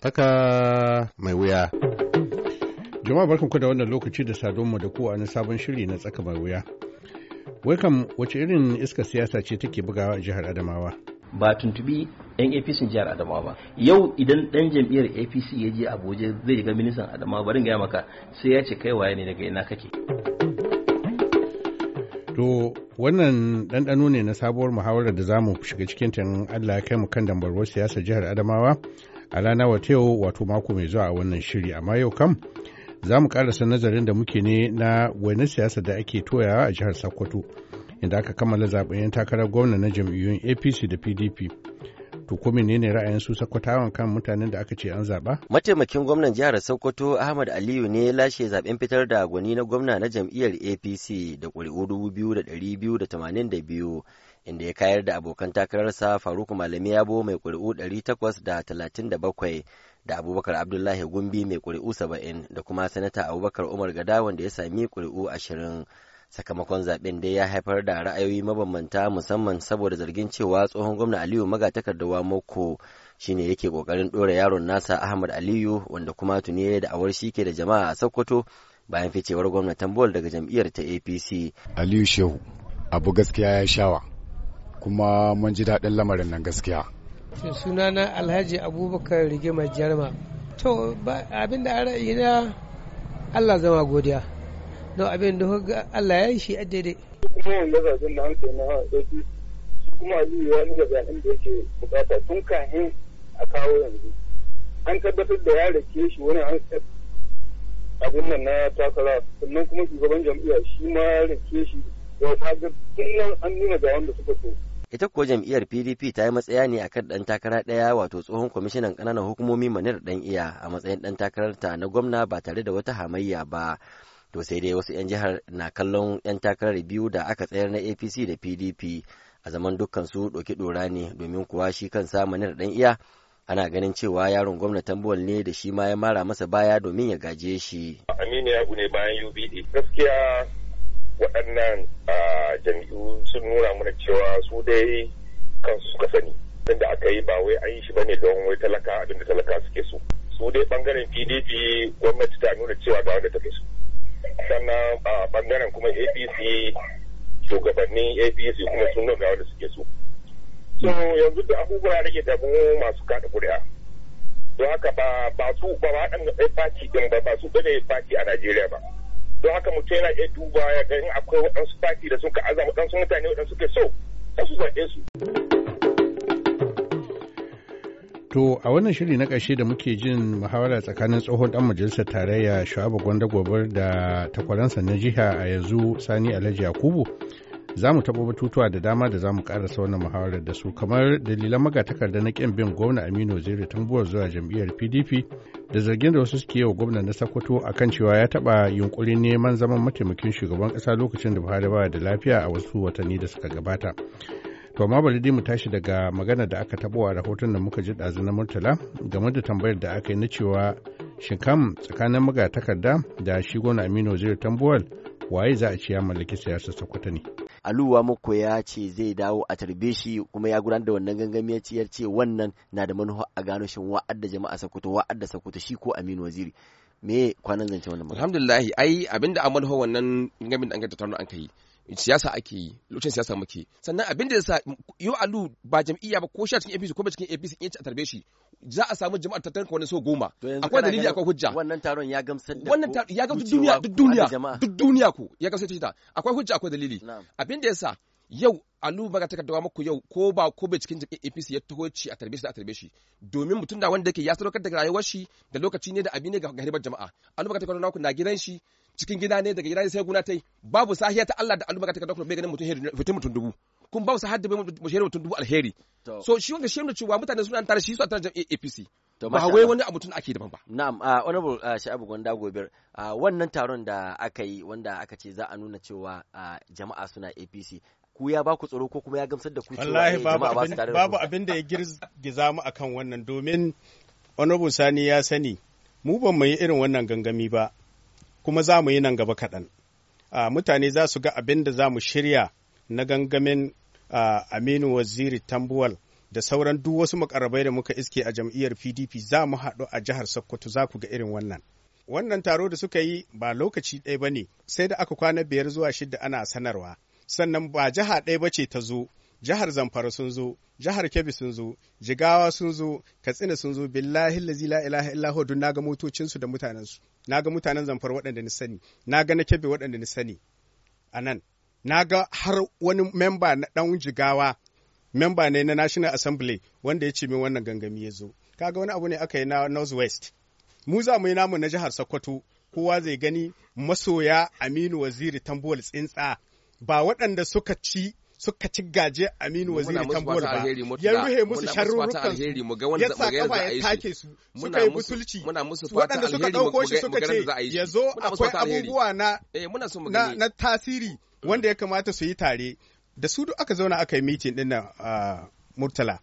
Tsaka mai wuya. Jama'a barkanku da wannan lokaci da mu da kowa na sabon shiri na tsaka mai wuya. Wai kam wace irin iska siyasa ce take bugawa a jihar Adamawa? Ba tuntubi 'yan APC jihar Adamawa ba. Yau idan ɗan jam'iyyar APC ya je Abuja zai ga ministan Adamawa barin gaya maka sai ya ce kai waye ne daga ina kake. To wannan ɗanɗano ne na sabuwar muhawarar da za mu shiga cikin tan Allah ya kai mu kan dambarwar siyasar jihar Adamawa a rana wata yau wato mako mai zuwa a wannan shiri amma yau kam za mu karasa nazarin da muke ne na wani siyasa da ake toyawa a jihar sokoto inda aka kammala zaben yan takarar gwamna na jam'iyyun apc da pdp to ko ne ra'ayin su sakwatawan kan mutanen da aka ce an zaba mataimakin gwamnan jihar sokoto ahmad aliyu ne ya lashe zaben fitar da gwani na gwamna na jam'iyyar apc da ƙuri'u biyu inda ya kayar da abokan takararsa faruku malami yabo mai ƙuri'u 837 da abubakar abdullahi gumbi mai kuri'u 70 da kuma sanata abubakar umar gada wanda ya sami kuri'u 20 sakamakon zaben dai ya haifar da ra'ayoyi mabambanta musamman saboda zargin cewa tsohon gwamna aliyu magatakardawa moko shine yake kokarin ɗora yaron nasa ahmad aliyu wanda kuma tuni ya da awar shi ke da jama'a a sokoto bayan ficewar gwamnatin bol daga jam'iyyar ta apc aliyu shehu abu gaskiya ya shawa kuma mun ji daɗin lamarin nan gaskiya to sunana alhaji abubakar rigima jarma to abin da ra'ayi na allah zama godiya no abin da allah ya yi shi a daidai kuma yanzu zazen da hanke na su kuma aliyu ya nuna zaɓen da yake bukata tun kahin a kawo yanzu an tabbatar da ya rake shi wani an abun nan na takara sannan kuma shugaban jam'iyya shi ma ya rake shi da ta ga tun an nuna ga wanda suka so ita kuwa jam'iyyar pdp ta yi matsaya ne akan ɗan takara ɗaya wato tsohon kwamishinan ƙananan hukumomi manir ɗan iya a matsayin ɗan ta na gwamna ba tare da wata hamayya ba to sai dai wasu 'yan jihar na kallon 'yan takarar biyu da aka tsayar na apc da pdp a zaman dukkan su ɗora ne domin kuwa shi kansa manir ɗan iya ana ganin cewa yaron gwamna buwal ne da shi ma ya mara masa baya domin ya gaje shi. Aminu ya ne bayan UBD. Gaskiya waɗannan ah, jami'u sun nuna mana cewa su dai kansu suka sani abin da aka yi ba wai an yi shi bane don wai talaka abinda talaka suke so su dai ɓangaren pdp gwamnati ta nuna cewa ga wanda take so sannan ah, ɓangaren kuma apc shugabannin apc kuma sun nuna ga wanda suke so so yanzu da abubuwa rage damu masu kada kuri'a don haka ba su ba ɗaya ɗin ba ba su ɗaya faci a najeriya ba don haka mutum yana iya duba ya ga in akwai waɗansu taki da suka azama waɗansu mutane waɗansu ke so ta su zaɓe su. To a wannan shiri na ƙarshe da muke jin muhawara tsakanin tsohon ɗan majalisar tarayya Shu'abu Gwanda Gobar da takwaransa na jiha a yanzu Sani Alhaji Yakubu za mu taɓa batutuwa da dama da za mu ƙarasa wannan muhawarar da su kamar dalilan magatakarda na ƙin bin gwamna aminu zere tambuwar zuwa jam'iyyar pdp da zargin da wasu suke yi wa gwamna na sokoto akan cewa ya taɓa yunkurin neman zaman mataimakin shugaban ƙasa lokacin da buhari ba da lafiya a wasu watanni da suka gabata to amma bari dai mu tashi daga magana da aka taɓo a rahoton da muka ji ɗazu na murtala game da tambayar da aka yi na cewa shin kam tsakanin magatakarda da shi gwamna aminu zere tambuwal waye za a ci ya mallaki siyasar sokoto ne. aluwa muku ya ce zai dawo a tarbe shi kuma ya gudanar da wannan gangami ya ce ya ce wannan na da manufa a gano shin wa'adda jama'a sakuto wa'adda sakuta shi ko aminu waziri me kwanan zance wannan alhamdulillah ai abinda amal wannan gangamin da an ga tattauna an kai siyasa ake yi lokacin siyasa muke sannan abin da ya sa yau alu ba jam'iyya ba ko sha cikin APC ko ba cikin APC in ci a tarbe shi za a samu jama'ar ta tanka wani so goma akwai dalili akwai hujja wannan taron ya gamsar da wannan taron ya gamsar duniya duk duniya duk duniya ko ya gamsar ta akwai hujja akwai dalili abin da ya sa yau alu ba ga takardawa muku yau ko ba ko ba cikin jam'iyyar APC ya taho ci a tarbe shi a tarbe shi domin mutum da wanda yake ya sadaukar da rayuwar shi da lokaci ne da abin ne ga haribar jama'a alu ba ta takardawa muku na gidan shi cikin gida ne daga gida sai guna ta yi babu sahiya ta Allah da al'umma ta kadakul bai ganin mutum heri fitin mutum dubu kun babu sahiya da bai mutum dubu alheri so shi wanga shi ne cewa mutane suna tare shi su a tare APC ba hawai wani abu tun ake daban ba na'am uh, honorable uh, Sha'abu Gonda Gobir uh, wannan taron da aka yi wanda aka ce za a nuna cewa jama'a suna APC ku ya ba ku tsoro ko kuma ya gamsar da ku wallahi eh, babu abin da ya girgiza mu akan wannan domin honorable Sani ya sani mu ban mu yi irin wannan gangami ba kuma za mu yi nan gaba kaɗan. Mutane za su ga abin da za mu shirya na gangamin Aminu Waziri Tambuwal da sauran duk wasu makarabai da muka iske a jam'iyyar PDP za mu haɗu a jihar Sokoto za ku ga irin wannan. Wannan taro da suka yi ba lokaci ɗaya ba ne sai da aka kwana biyar zuwa shida ana sanarwa. Sannan ba jiha ɗaya ba ce ta zo jihar zamfara sun zo jihar kebbi sun zo jigawa sun zo katsina sun zo billahi lazi la ilaha illahu dun naga motocinsu da mutanensu naga mutanen zamfara waɗanda ni sani naga na kebbi waɗanda ni sani a nan naga har wani memba na ɗan jigawa memba ne na national assembly wanda ya ce min wannan gangami ya zo kaga wani abu ne aka yi na West? mu za mu yi namu na jihar sokoto kowa zai gani masoya aminu waziri tambuwal tsintsa ba waɗanda suka ci suka ci gaje Aminu Waziri Tambola ba ya ruhe musu sharurrukan ya sa kafa ya take su suka yi butulci waɗanda suka ɗauko shi suka ce ya zo akwai abubuwa eh, na tasiri wanda ya kamata su yi tare da su aka zauna aka yi mitin ɗin nan Murtala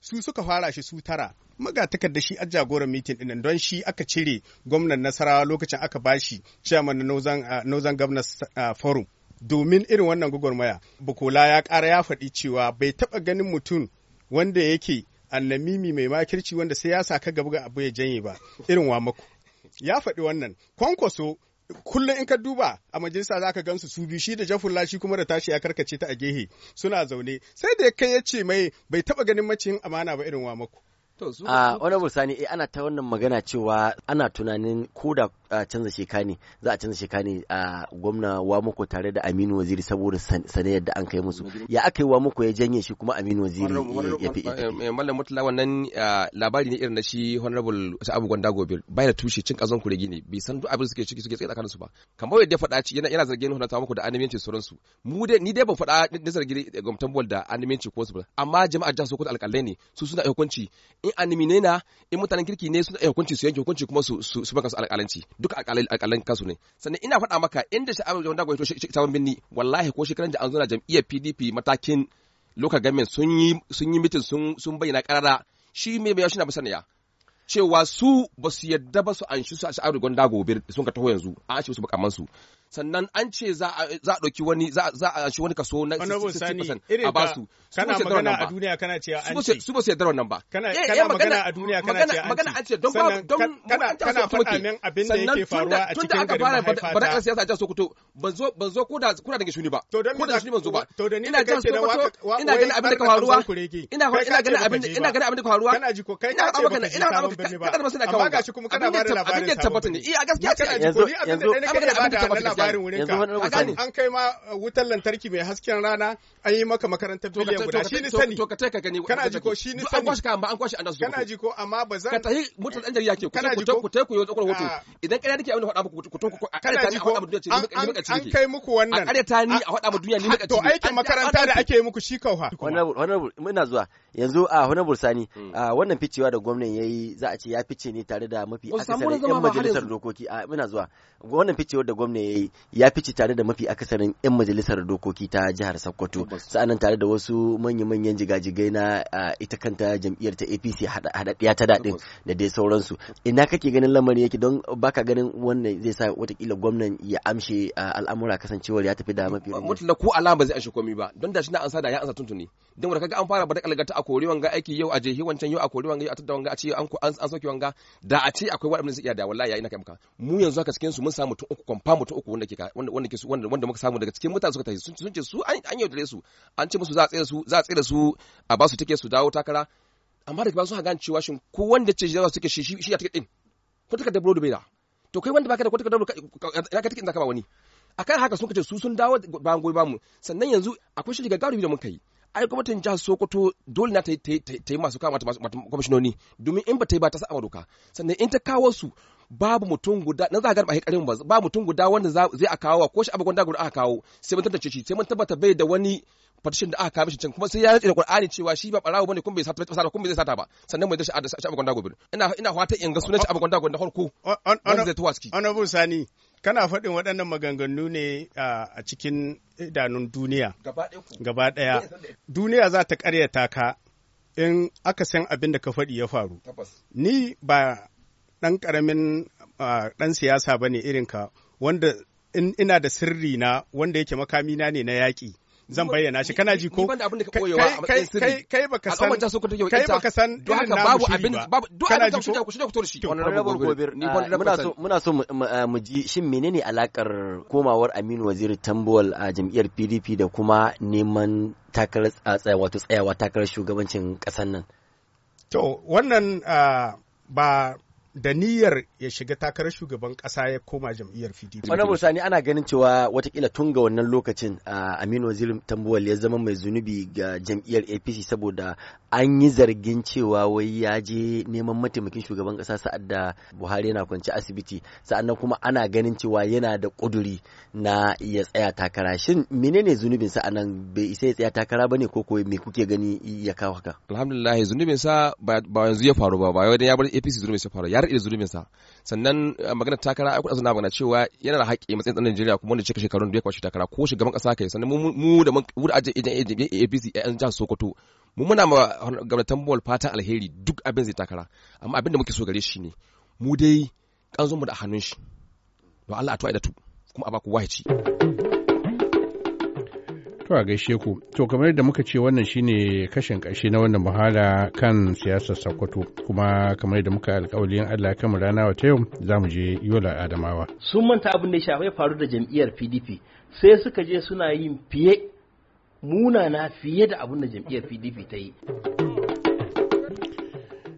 su suka fara shi su tara maga takarda shi a jagoran mitin dinnan don shi aka cire gwamnan nasarawa lokacin aka bashi shi na northern, uh, northern uh, forum domin irin wannan gwagwarmaya bukola ya ƙara ya faɗi cewa bai taɓa ganin mutum wanda yake annamimi mai makirci wanda sai ya sa ka gaba ga abu ya janye ba irin wa mako. ya faɗi wannan kwankwaso kullum in ka duba a majalisa za ka gansu su biyu shi da jafulla Lashi kuma da tashi ya karkace ta a gehe suna zaune sai da kai ya ce mai bai taɓa ganin maciyin amana ba irin wa mako. A wani sani eh, ana ta wannan magana cewa ana tunanin ko da canza shekani ne za a canza shekani ne a gwamna muku tare da Aminu Waziri saboda sanayar da an kai musu ya aka yi muku ya janye shi kuma Aminu Waziri ya fi eh, eh, mallam mutala wannan ah, labari ne irin na shi honorable Sa'abu Gwanda Gobir bai da tushe cin kazon kuregi ne bai san duk abin suke ciki suke tsakanin su ba kamar yadda faɗa ci yana yana zargin honorable muku da annabiyanci su mu dai ni dai ban faɗa ni zargi gwamnatin Bol da annabiyanci ko su ba amma jama'ar jihar Sokoto alƙalai ne su suna hukunci in annimi ne na in mutanen kirki ne suna hukunci su yanke hukunci kuma su su baka su alƙalanci duk alƙalan kansu ne sannan ina faɗa maka inda sha'abu wanda gwai to sha'abu binni wallahi ko shekaran da an zuna jam'iyyar PDP matakin local government sun yi sun yi mitin sun sun bayyana karara shi me bai shi na sanaya cewa su ba su yadda ba su anshi su a sha'abu gwanda gobe sun ka taho yanzu a ba su bukaman su sannan an ce za a ɗauki wani za a shi wani kaso na 60% a su kana magana a duniya kana ce an ce su ba su yarda wannan ba kana eh, eh, magana a duniya kana ce magana an ce don don an kana faɗa min ke sannan yake faruwa a ka ba mahaifata ba ka siyasa Sokoto ban zo ban zo ko da da shuni ba ko da shuni ban zo ba ina ga Sokoto ina ganin abin da ka faruwa ina ina ganin abin ina ganin abin da ka faruwa kana ji ko kai ka ce ba ina ba kana da k'a kawo amma kuma kana ba da labarin ne eh a gaskiya yanzu yanzu abin da wurin an kai ma uh, wutar lantarki mai hasken rana an maka makarantar biliyan guda shi ni sani to ka gani kana an kwashi an kwashi kana yi hoto ah. idan kana abin da faɗa muku ku ku an kai muku wannan a ta ni ah. a faɗa mu duniya ni maka to da ake muku shi kauha honorable muna zuwa a ah, sani hmm. wannan ficewa da ya fice ne tare da mafi akasarin yan majalisar dokoki a wannan ficewar da gwamnati ya ya fice tare da mafi akasarin 'yan majalisar dokoki ta jihar Sokoto sa'annan tare da wasu manya-manyan jigajigai na ita kanta jam'iyyar ta APC haɗaɗɗiya ta daɗin da dai sauransu ina kake ganin lamari yake don baka ganin wannan zai sa watakila gwamnan ya amshe al'amura kasancewar ya tafi da mafi mutum ko alama ba zai amshe komai ba don da shi na ansa da ya ansa tuntuni don wanda kaga an fara ba da kalgata a kori wanga aiki yau a jehi wancan yau a kori wanga yau a tattawa wanga a ce an an soke wanga da a ce akwai waɗanda zai iya da wallahi yi na kai muka mu yanzu haka cikin su mun samu tun uku kwamfa tun uku wanda ke wanda ke wanda wanda muka samu daga cikin mutane suka tafi sun ce su an yaudare su an ce musu za a tsira su za a tsira su a ba su take su dawo takara amma daga ba su hagan cewa shin ko wanda ce jawa suke shi shi ya take din ko take da broad bai da to kai wanda baka da ko take da ya ka take inda ka ba wani akan haka sun ce su sun dawo ba goyi ba mu sannan yanzu akwai shi gagarumi da mun kai ai gwamnatin jihar Sokoto dole na ta yi masu kama ta kwamishinoni domin in ba ta yi ba ta sa doka sannan in ta kawo su babu mutum guda na zagar ba hekarin ba babu mutum guda wanda zai a kawo ko shi abu da guda aka kawo sai mun tantance shi sai mun tabbata bai da wani partition da aka kawo shi can kuma sai ya rike da Qur'ani cewa shi ba barawo bane kuma bai sata ba kuma bai sata ba sannan mu da shi a shi abagon da gobe ina ina fata in ga sunan shi abagon da gobe da farko wanda zai tuwaski ciki honorable sani kana faɗin waɗannan maganganu ne a cikin idanun duniya gaba ɗaya duniya za ta ƙaryata ka in aka san abin da ka faɗi ya faru ni ba ɗan ƙaramin ɗan siyasa ba ne irinka wanda ina da sirri na wanda yake makamina ne na yaƙi. zan bayyana shi kana ji ko kai baka san kai baka san don haka babu abin babu duk abin da shi gobir ni muna so muna so mu eh, ji shin menene alakar komawar Aminu Waziri Tambuwal a jam'iyyar PDP da kuma neman takarar tsaya wato tsayawa takarar shugabancin kasar nan to wannan ba da niyyar ya shiga takarar shugaban kasa ya koma jam'iyyar PDP. Wannan Musani ana ganin cewa watakila tun ga wannan lokacin Aminu Wazir Tambuwal ya zama mai zunubi ga jam'iyyar APC saboda an yi zargin cewa wai ya je neman mataimakin shugaban kasa sa'ad da Buhari yana kwance asibiti sa'annan kuma ana ganin cewa yana da kuduri na ya tsaya takara shin menene zunubin sa anan bai isa ya tsaya takara bane ko ko me kuke gani ya kawo haka alhamdulillah zunubin sa ba yanzu ya faru ba ba wai ya bar APC zunubin sa faru ya ya rade zulubinsa sannan magana takara ai kudu na magana cewa yana da haƙƙi matsayin tsanin Najeriya kuma wanda cika shekarun da ya kwashi takara ko shugaban ƙasa kai sannan mu da mu da ajin ajin ajin APC yan jihar Sokoto mu muna ma gwamnatin Bol fatan alheri duk abin zai takara amma abin da muke so gare shi ne mu dai kanzon mu da hannun shi don Allah a tuwa da tu kuma a ku wahici. To a gaishe ku, to kamar yadda muka ce wannan shine kashin ƙarshe na wannan muhala kan siyasar Sokoto kuma kamar yadda muka alkawali yin Allah kan rana ta yau za mu je Yola Adamawa. Sun manta abin da shafai faru da jam'iyyar PDP sai suka je suna yin fiye munana fiye da abin da jam'iyyar PDP ta yi.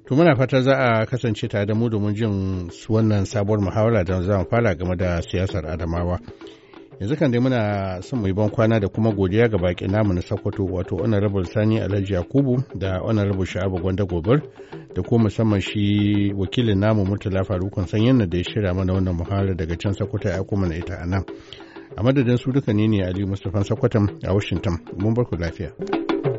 To muna fata za a kasance tare da mu domin jin wannan sabuwar muhawara da za mu fara game da siyasar Adamawa. yanzu kan dai muna son mu yi ban kwana da kuma godiya ga baki namu na Sokoto wato Honorable Sani Alhaji Yakubu da Honorable Sha'abu Gwanda Gobar da kuma musamman shi wakilin namu Murtala Farukun Sanyin da ya shirya mana wannan muhallar daga can Sokoto ya kuma na ita anan A madadin su duka ne ne Aliyu Mustapha Sokoto a Washington. Mun bar lafiya.